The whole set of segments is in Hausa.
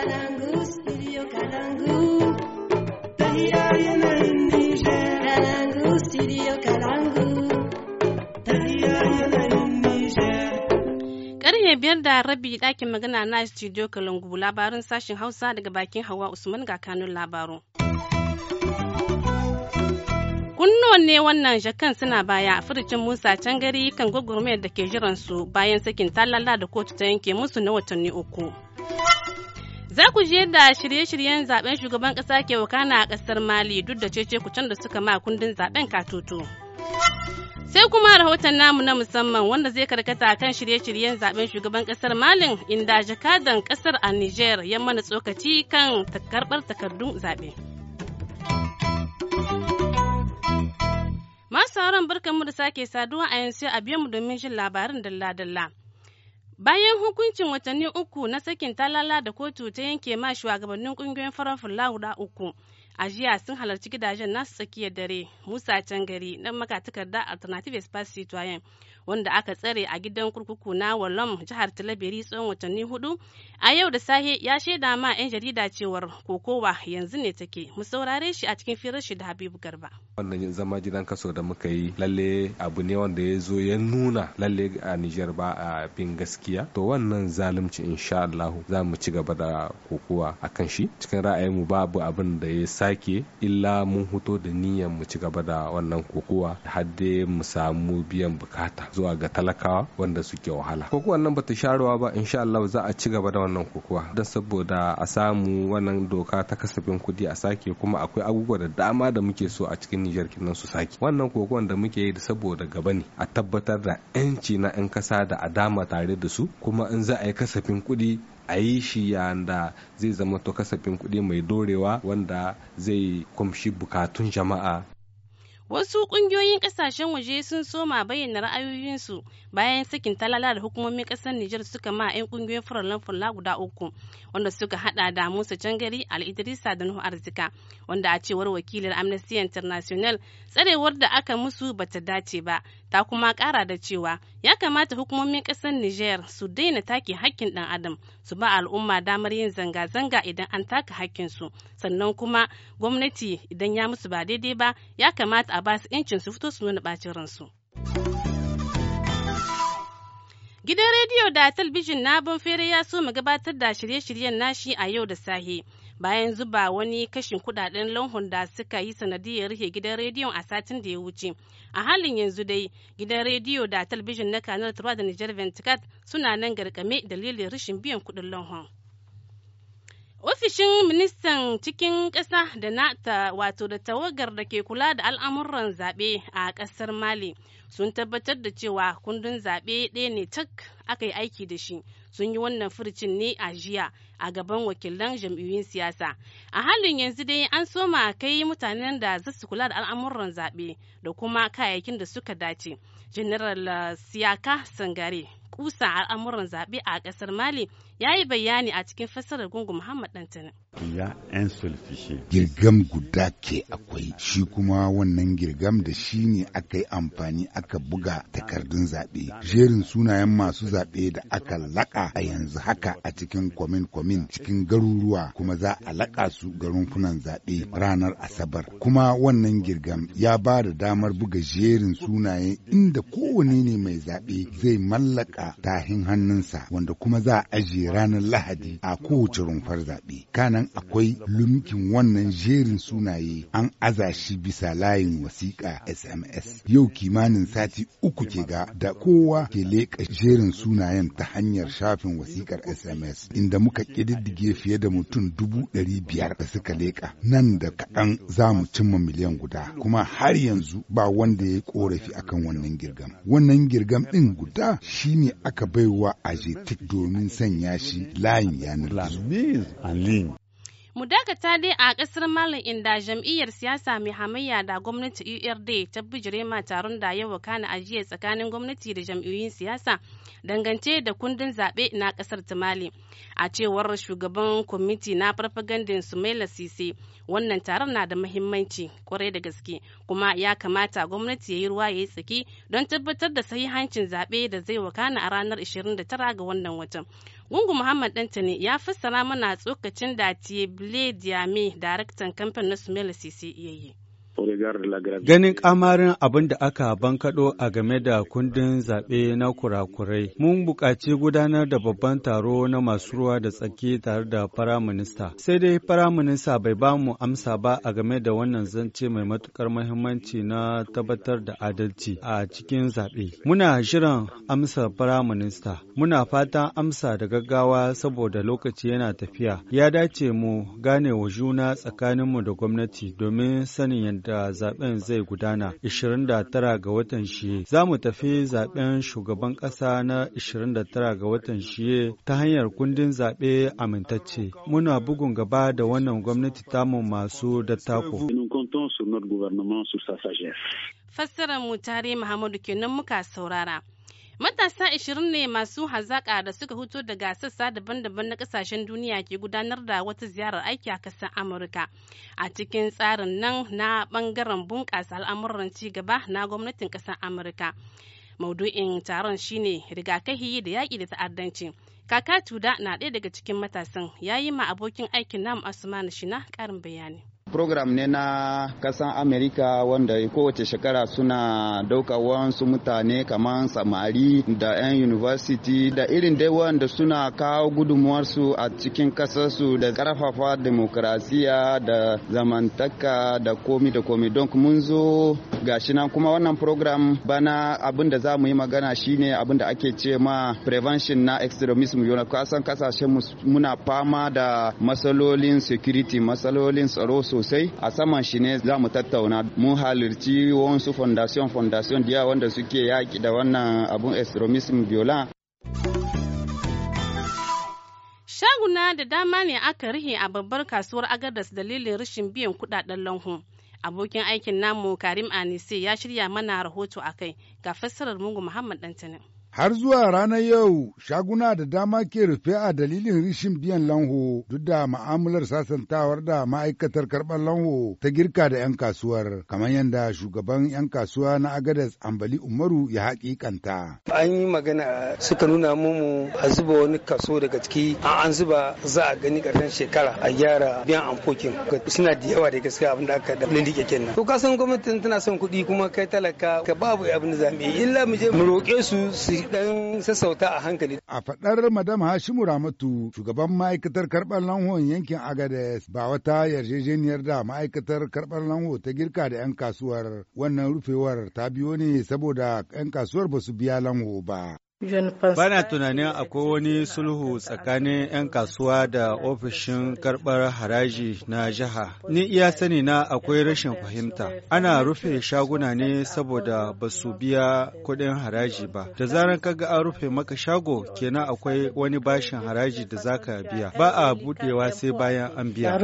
karye biyar da rabi ɗakin magana na studio kalangu labarin sashen hausa daga bakin hawa usman ga kanun labaru Kunno ne wannan jakan suna baya a furucin musa can gari kan gwagwarmayar da ke jiransu bayan sakin talala da kotu ta yanke musu na watanni uku Za ku ji yadda shirye-shiryen zaben shugaban ƙasa ke wakana a ƙasar Mali duk da cece can da suka ma kundin zaben katoto. Sai kuma rahoton namu na musamman wanda zai karkata kan shirye-shiryen zaben shugaban ƙasar Malin inda jakadan ƙasar a Niger ya mana tsokaci kan karɓar takardun zaɓe. Masu sauran barkanmu da sake saduwa a yanzu a biyanmu domin jin labarin dalla-dalla. Bayan hukuncin watanni uku na sakin talala da kotu ta yanke ma shugabannin kungiyoyin farar fula guda uku, a jiya sun halarci gidajen nasu tsakiyar dare Musa Cangari makatakar da Alternative Espace Citoyen wanda aka tsare a gidan kurkuku na Wallam jihar Talabiri tsawon watanni hudu. A yau da sahe ya shaida ma 'yan jarida cewar kokowa yanzu ne take mu saurare shi a cikin firar shi da Habibu Garba. Wannan zama gidan kaso da muka yi lalle abu ne wanda ya zo ya nuna lalle a Nijar ba a bin gaskiya. To wannan zalunci insha Allah za mu ci gaba da kokowa akan shi. Cikin ra'ayin mu babu abin da ya sake illa mun huto da niyyar mu ci gaba da wannan kokowa har dai mu samu biyan bukata. zuwa ga talakawa wanda suke wahala kokuwan nan bata sharuwa ba insha Allah za a ci gaba da wannan kokuwa don saboda a samu wannan doka ta kasafin kudi a sake kuma akwai abubuwa da dama da muke so a cikin Nijar kinan su sake wannan kokuwan da muke yi da saboda gaba ne a tabbatar da 'yanci na 'yan kasa da a dama tare da su kuma in za a yi kasafin kudi a yi shi yanda zai zama to kasafin kuɗi mai dorewa wanda zai kumshi bukatun jama'a Wasu kungiyoyin kasashen waje sun soma bayyana ra'ayoyinsu bayan sakin talala da hukumomin kasar Nijar suka ma 'yan kungiyoyin furallan fulla guda uku wanda suka hada da Musa Cangari, Al-Idrisa da Nuhu Arzika wanda a cewar wakilin Amnesty International tsarewar da aka musu bata dace ba ta kuma kara da cewa ya kamata hukumomin kasar Niger su daina take hakkin ɗan adam su ba al'umma damar yin zanga-zanga idan an taka su sannan kuma gwamnati idan ya musu ba daidai ba ya kamata a ba su 'yancin su fito su nuna bacin ransu. Gidan rediyo da talbijin na fere ya so mu gabatar da shirye-shiryen nashi a yau da sahi. bayan zuba wani kashin kudaden lanhon da suka yi sanadiyar rufe gidan rediyon a satin da ya wuce a halin yanzu dai gidan rediyo da talabijin na kanar turwa da niger venticat suna nan garkame dalilin rashin biyan kudin lanhon ofishin ministan cikin ƙasa da na ta wato da tawagar da ke kula da al'amuran zaɓe a ƙasar mali sun tabbatar da cewa kundin zaɓe ɗaya ne tak aka yi aiki da shi sun yi wannan furcin ne a jiya a gaban wakilan jam'iyyun siyasa a halin yanzu dai an soma kai mutanen da za su kula da al'amuran zaɓe da kuma kayayyakin da suka dace general uh, siyaka sangare kusa al'amuran zaɓe a ƙasar mali ya yi bayani a cikin fassarar gungun muhammad ya dantani girgam guda ke akwai shi kuma wannan girgam da shi ne aka yi amfani aka buga takardun zaɓe jerin sunayen masu zaɓe da aka laƙa a yanzu haka a cikin kwamin kwamin mukamin cikin garuruwa kuma za a laƙa su ga rumfunan zaɓe ranar Asabar. Kuma wannan girgam ya ba da damar buga jerin sunaye inda kowane ne mai zaɓe zai mallaka tahin hannunsa wanda kuma za a ajiye ranar Lahadi a kowace rumfar zaɓe. Kanan akwai lumkin wannan jerin sunaye an aza shi bisa layin wasiƙa SMS. Yau kimanin sati uku ke ga da kowa ke leƙa jerin sunayen ta hanyar shafin wasiƙar SMS inda muka diddige fiye da mutum dubu ɗari biyar da suka leƙa nan da kaɗan za mu cimma miliyan guda kuma har yanzu ba wanda ya yi ƙorafi akan wannan girgam wannan girgam ɗin guda shi ne aka baiwa ajetik domin sanya shi layin yanar gizo Mu dakata dai a kasar Mali inda jam'iyyar siyasa mai hamayya da gwamnati URD ta bijire ma taron da yawa kana ajiye tsakanin gwamnati da jam'iyyun siyasa dangance da kundin zaɓe na ƙasar ta Mali. A cewar shugaban kwamiti na farfagandin Sumaila Sise, wannan taron na da muhimmanci kwarai da gaske kuma ya kamata gwamnati ya yi ruwa ya yi tsaki don tabbatar da sahihancin zaɓe da zai wakana a ranar 29 ga wannan watan. Gungu Muhammad Dantani ya fassara mana tsokacin da Tiebile Diame daraktan kamfanin na Sumela Sisi Ganin kamarin abin da aka bankaɗo a game da kundin zaɓe na kurakurai, mun buƙaci gudanar da babban taro na masu ruwa da tsaki tare da firaminista. Sai dai firaminista bai ba mu amsa ba a game da wannan zance mai matuƙar mahimmanci na tabbatar da adalci a cikin zaɓe. Muna shirin amsa firaminista. Muna fatan amsa da gaggawa saboda lokaci yana tafiya. Ya dace mu gane wa juna tsakaninmu da gwamnati domin sanin yadda zaben zai gudana 29 ga watan shiye. Za mu tafi zaben shugaban ƙasa na 29 ga watan shiye ta hanyar kundin zaɓe amintacce. Muna bugun gaba da wannan gwamnati tamu masu dattako. Fassarar mu tare Muhammadu kenan muka saurara. Matasa 20 ne masu hazaƙa da suka huto daga sassa daban-daban na ƙasashen duniya ke gudanar da wata ziyarar aiki a ƙasar Amurka. A cikin tsarin nan na ɓangaren bunƙasa al'amuran ci gaba na gwamnatin ƙasar Amurka. Maudu'in taron shine rigakafi da yaƙi da ta'addanci. Kaka Tuda na ɗaya daga cikin matasan ya yi ma abokin aikin namu Asmanu Shina ƙarin bayani. program ne na kasan amerika wanda kowace shekara suna dauka wasu mutane kamar samari da 'yan university da irin dai wanda suna kawo gudunmuwarsu a cikin kasarsu da karfafa demokrasiya da zamantaka da komi da komi don mun zo gashi nan kuma wannan program bana abin da za mu yi magana shine abin ake ce ma prevention na extremism yana kasan kasashen muna fama da matsalolin security matsalolin tsaro sosai a saman shi ne za mu tattauna mun halarci wasu fondation fondation diya wanda suke yaƙi da wannan abun extremism violent shaguna da dama ne aka rihe a babbar kasuwar agadas dalilin rashin biyan kudaden lanhu abokin aikin namu karim anise ya shirya mana rahoto akai ga fassarar mungu muhammad dantinin Har zuwa ranar yau shaguna da dama ke rufe a dalilin rishin biyan lanho duk da ma'amular sasantawar da ma'aikatar karɓar lanho ta girka da 'yan kasuwar kamar yadda shugaban 'yan kasuwa na Agadas Ambali Umaru ya kanta. An yi magana suka nuna mumu a zuba wani kaso daga ciki an zuba za a gani ƙarshen shekara a gyara biyan amfokin suna da yawa da gaske abin da aka da lindike kenan. To ka gwamnatin tana son kuɗi kuma kai talaka ka babu abin da za yi illa mu je mu roƙe su su dan sassauta a hankali. A faɗar Madam Hashimu Ramatu, shugaban ma'aikatar karɓar lanhon yankin Agades ba wata yarjejeniyar da ma'aikatar karɓar lanho ta girka da 'yan kasuwar wannan rufewar ta biyo ne saboda 'yan kasuwar ba su biya lanho ba. Bana tunanin akwai wani sulhu tsakanin 'yan kasuwa da ofishin karɓar haraji na jiha. Ni iya sani na akwai rashin fahimta. Ana rufe shaguna ne saboda ba su biya kuɗin haraji ba. Da zarar kaga an rufe maka shago kenan akwai wani bashin haraji da zaka biya. Ba a buɗewa sai bayan an biya.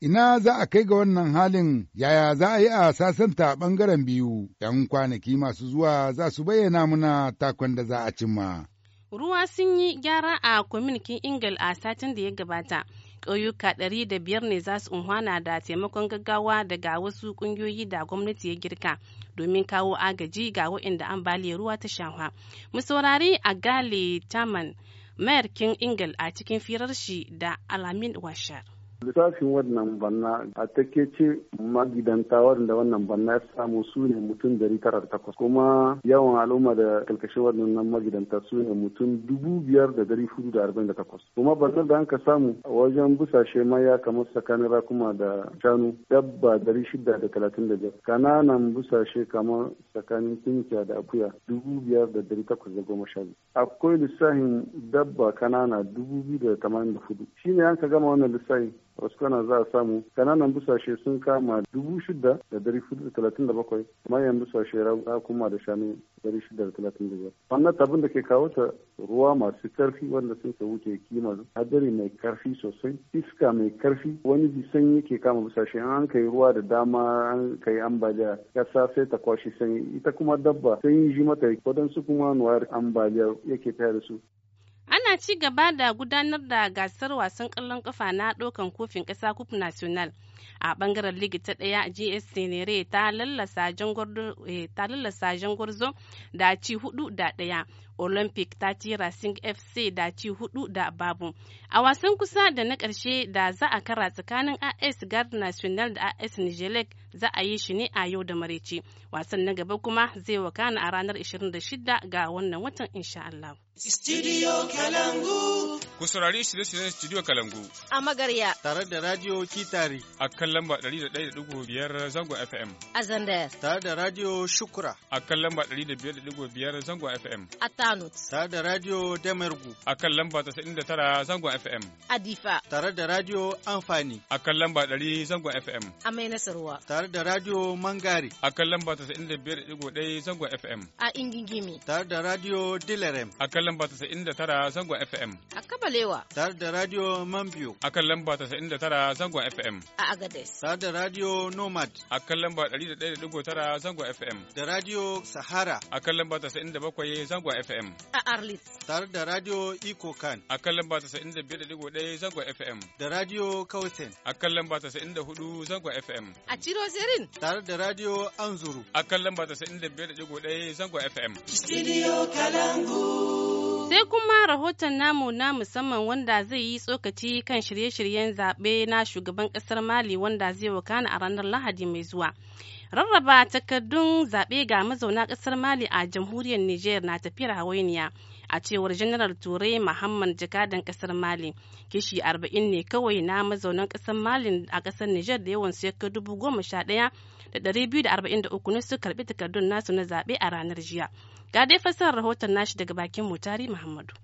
Ina za a kai ga wannan halin yaya za a yi a sasanta ɓangaren biyu. 'Yan kwanaki masu zuwa za su bayyana muna kuma da za a cimma. Ruwa sun yi gyara a kwaminikin Ingal a satin da ya gabata. ƙauyuka ɗari da biyar ne za su unhwana da taimakon gaggawa daga wasu ƙungiyoyi da gwamnati ya girka domin kawo agaji ga waɗanda ambaliyar ruwa ta shawa. Mu saurari a Gale Taman, mayar King Ingal a cikin firar shi da Alamin Washar. lissafin wannan banna a take ce magidanta waɗanda wannan banna ya samu su ne mutum dari tara da takwas kuma yawan al'umma da kalkashe waɗannan magidanta su ne mutum dubu biyar da dari hudu da arba'in da takwas kuma bannar da an ka samu a wajen busashe maya kamar tsakanin rakuma da shanu dabba dari shida da talatin da biyar kananan busashe kamar tsakanin tunkiya da akuya dubu biyar da dari takwas da goma sha biyu akwai lissafin dabba kanana dubu biyu da tamanin da hudu shine an ka gama wannan lissafin wasu kana za a samu kananan busashe sun kama dubu shida da dari hudu da talatin da bakwai manyan busashe kuma da shanu dari shida da talatin da biyar wannan abin da ke kawo ta ruwa masu karfi wanda sun ka wuce kima hadari mai karfi sosai iska mai karfi wani sanyi yake kama busashe an kai ruwa da dama an kai ambaliya kasa sai ta kwashe sanyi ita kuma dabba sanyi yi mata wadansu kuma nuwar ambaliya yake tare da su ana ci gaba da gudanar da gasar wasan ƙwallon kafa na ɗaukan kofin ƙasa kup national a bangaren ligi ta daya gs senere ta lallasa jangwarzo da ci hudu da daya olympic ta ci racing fc da ci hudu da babu a wasan kusa da na karshe da za a kara tsakanin as guard national da as nigelec za a yi shi ne a yau da maraice wasan na gaba kuma zai wakana a ranar 26 ga wannan watan insha Allah. Studio Kalangu. Ku saurari shirye-shiryen Studio Kalangu. A magarya. Tare da Radio Kitari. A a kan lamba 101.5 zango FM. A zandar. Tare da Radio Shukura. A kan lamba 105.5 zango FM. A Tanut. Tare da Radio Damergu. A kan lamba 99 zango FM. A Difa. Tare da Radio Amfani. A kan lamba 100 zango FM. A Mai Nasarwa. Tare da Radio Mangari. A kan lamba 95.1 zango FM. A Ingingimi. Tare da Radio Dilerem. A kan lamba 99 zango FM. A Kabalewa. Tare da Radio Mambiyo. A kan lamba 99 zango FM. A Agadez. Ta da Radio Nomad. A kan lamba 101.9 zango FM. Da Radio Sahara. A kan lamba 97 zango FM. A Arlit. Tare da Radio Iko Kan. A kan lamba 95.1 zango FM. Da Radio Kausen. A kan lamba 94 zango FM. A Ciro Zerin. Tare da Radio Anzuru. A kan lamba 95.1 zango FM. Studio Kalangu. Sai kuma rahoton namu na musamman wanda zai yi tsokaci kan shirye-shiryen zaɓe na shugaban ƙasar Mali wanda zai wakana a ranar Lahadi mai zuwa. Rarraba takardun zaɓe ga mazauna ƙasar Mali a jamhuriyar Nijar na tafiyar hawainiya. a cewar janar Turai muhammad jakadan ƙasar mali kishi arba'in ne kawai na mazaunan ƙasar mali a ƙasar Nijar da yawan ya ka dubu goma sha ɗaya da ɗari biyu da arba'in da uku ne su karɓi takardun nasu na zaɓe a ranar jiya Ga dai fassarar rahoton nashi daga bakin Mutari Muhammadu.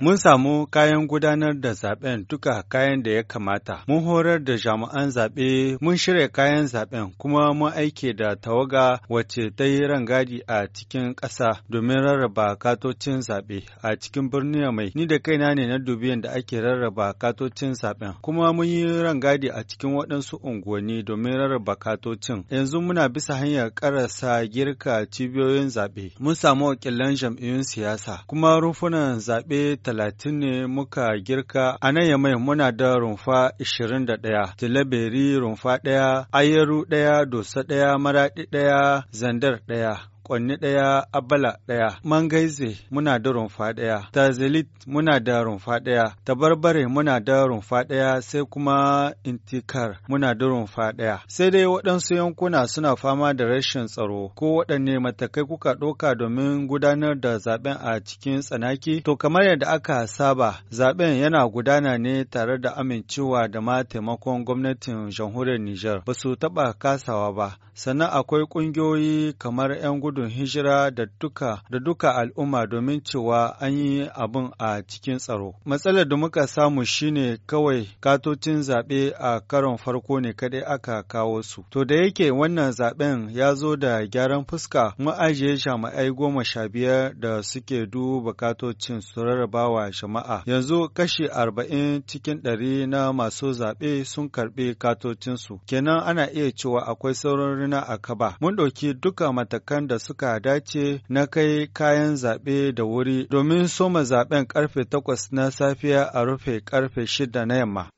Mun samu kayan gudanar da zaben duka kayan da ya kamata. Mun horar da jami'an zaɓe, mun shirya kayan zaben kuma mun aike da tawaga wacce ta yi rangadi a cikin ƙasa domin rarraba katocin zaɓe a cikin birnin mai. Ni da kaina ne na dubiyan da ake rarraba katocin zaben kuma mun yi rangadi a cikin waɗansu unguwanni domin rarraba katocin. Yanzu muna bisa hanyar ƙarasa girka cibiyoyin zaɓe. Mun samu wakilan jam'iyyun siyasa kuma rumfunan zaɓe talatin ne muka girka a nan yamai muna da rumfa ishirin da ɗaya, tilaberi rumfa ɗaya, ayyaru ɗaya, dosa ɗaya, maraɗi ɗaya, zandar ɗaya. kwanni ɗaya abala ɗaya mangaize muna da rumfa ɗaya Tazalit muna da rumfa ɗaya tabarbare muna da rumfa ɗaya sai kuma intikar muna da rumfa ɗaya sai dai waɗansu yankuna suna fama da rashin tsaro ko waɗanne matakai kuka ɗauka domin gudanar da zaben a cikin tsanaki to kamar yadda aka saba zaben yana gudana ne tare da amincewa da ma taimakon gwamnatin jamhuriyar Nijar ba su taɓa kasawa ba sannan akwai ƙungiyoyi kamar 'yan gudu gudun hijira da duka da duka al'umma domin cewa an yi abin a cikin tsaro. Matsalar da muka samu shine kawai katocin zaɓe a karon farko ne kaɗai aka kawo su. To da yake wannan zaɓen ya zo da gyaran fuska mun ajiye shama'ai goma sha biyar da suke duba katocin su rarrabawa jama'a. Yanzu kashi arba'in cikin ɗari na masu zaɓe sun karɓi katocinsu. Kenan ana iya cewa akwai sauran rina a kaba. Mun ɗauki duka matakan da suka dace na kai kayan zaɓe da wuri domin soma zaɓen ƙarfe takwas na safiya a rufe ƙarfe shida na yamma.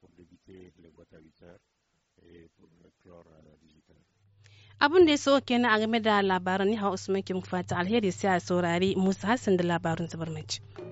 Abin da ya so kenan a game da labaran hau Usman Kim Fata Alheri sai a saurari Musa Hassan da labarin zubar